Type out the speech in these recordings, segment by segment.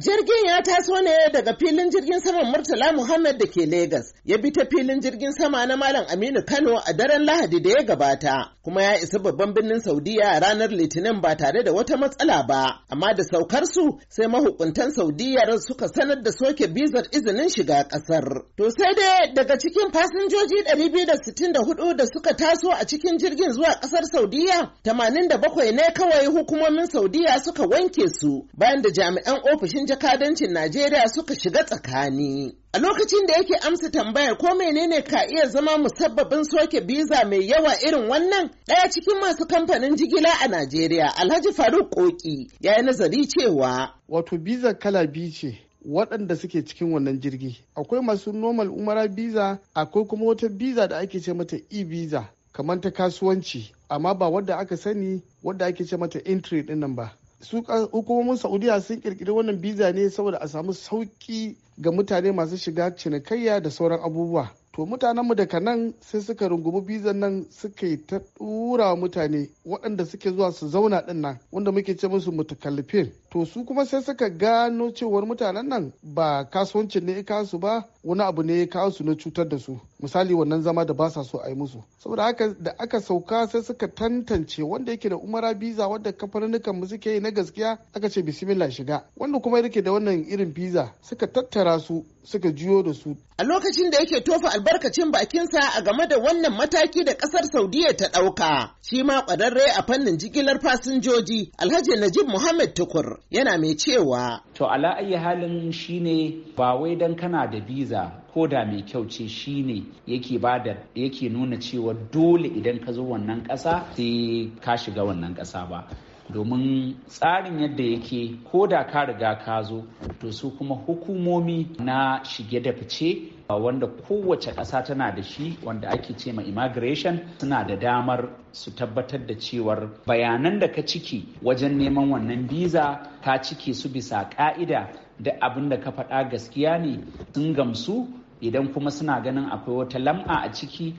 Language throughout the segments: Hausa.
Jirgin ya taso ne daga filin jirgin saman Murtala Muhammad da ke Legas, ya bi ta filin jirgin sama na Malam Aminu Kano a daren Lahadi da ya gabata, kuma ya isa babban birnin Saudiya ranar Litinin ba tare da wata matsala ba, amma da saukar su sai mahukuntan Saudiyar suka sanar da soke bizar izinin shiga ƙasar. To sai dai daga cikin fasinjoji 264 da suka taso a cikin jirgin zuwa ƙasar Saudiya, 87 ne kawai hukumomin Saudiya suka wanke su bayan da jami'an ofishin jakadancin Najeriya suka shiga tsakani. A lokacin da yake amsa tambaya ko menene ka iya zama musabbabin soke biza mai yawa irin wannan ɗaya cikin masu kamfanin jigila a Najeriya Alhaji Faruk Koki ya yi nazari cewa. Wato biza kala biyu ce waɗanda suke cikin wannan jirgi. Akwai masu normal umara biza akwai kuma wata biza da ake ce mata e-biza kamar ta kasuwanci amma ba wadda aka sani wadda ake ce mata entry ɗin ba. su hukumomin saudiya sun kirkiri wannan biza ne saboda a samu sauki ga mutane masu shiga cinikayya da sauran abubuwa to mutanenmu daga nan sai suka rungumi bizan nan suka yi ta dura mutane waɗanda suke zuwa su zauna ɗin nan wanda muke ce musu mutakallifin to su kuma sai suka gano cewar mutanen nan ba kasuwancin ne ya su ba wani abu ne ya kawo su na cutar da su misali wannan zama da ba sa so a yi musu saboda haka da aka sauka sai suka tantance wanda yake da umara biza wanda kafarnukan mu suke yi na gaskiya aka ce bismillah shiga wanda kuma yake da wannan irin biza suka tattara su suka juyo da su a lokacin da yake tofa albarkacin sa a game da wannan mataki da kasar saudiya ta dauka shi ma kwararre a fannin jigilar fasinjoji alhaji najib muhammad tukur yana mai cewa to ala ayi halin shine ba wai dan kana da biza ko da mai kyau ce shine yake bada yake nuna cewa dole idan ka zo wannan ƙasa sai ka shiga wannan ƙasa ba domin tsarin yadda yake ko da ka riga ka zo to su kuma hukumomi na shige da fice wanda kowace ƙasa tana da shi wanda ake ce ma immigration suna da damar su tabbatar da cewar bayanan da ka ciki wajen neman wannan visa ka cike su bisa ka'ida da abin da ka faɗa gaskiya ne sun gamsu idan kuma suna ganin akwai wata lam'a a ciki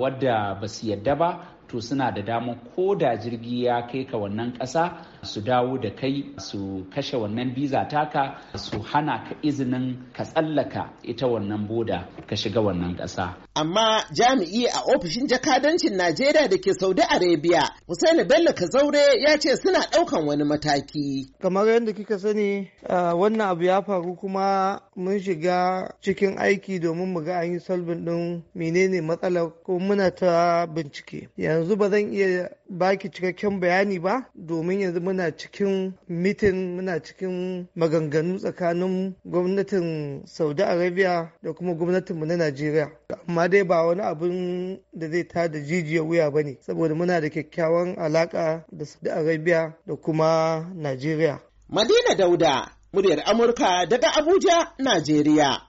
wadda ba su yadda ba to suna da dama ko da jirgi ya kai ka wannan ƙasa su dawo da kai su kashe wannan biza taka su hana ka izinin ka tsallaka ita wannan boda ka shiga wannan ƙasa. Amma jami'i a ofishin jakadancin Najeriya da ke Saudi Arabia Hussaini Bello Kazaure ya ce suna ɗaukan wani mataki. Kamar yadda kika sani wannan abu ya faru kuma mun shiga cikin aiki domin mu ga an yi salbin ɗin menene matsalar ko muna ta bincike. yanzu ba zan iya baki cikakken bayani ba domin yanzu muna cikin mitin muna cikin maganganu tsakanin gwamnatin saudi arabia da kuma gwamnatinmu na najeriya amma dai ba wani abin da zai da jijiyar wuya ba ne saboda muna da kyakkyawan alaka da saudi arabia da kuma najeriya madina dauda muryar amurka daga abuja najeriya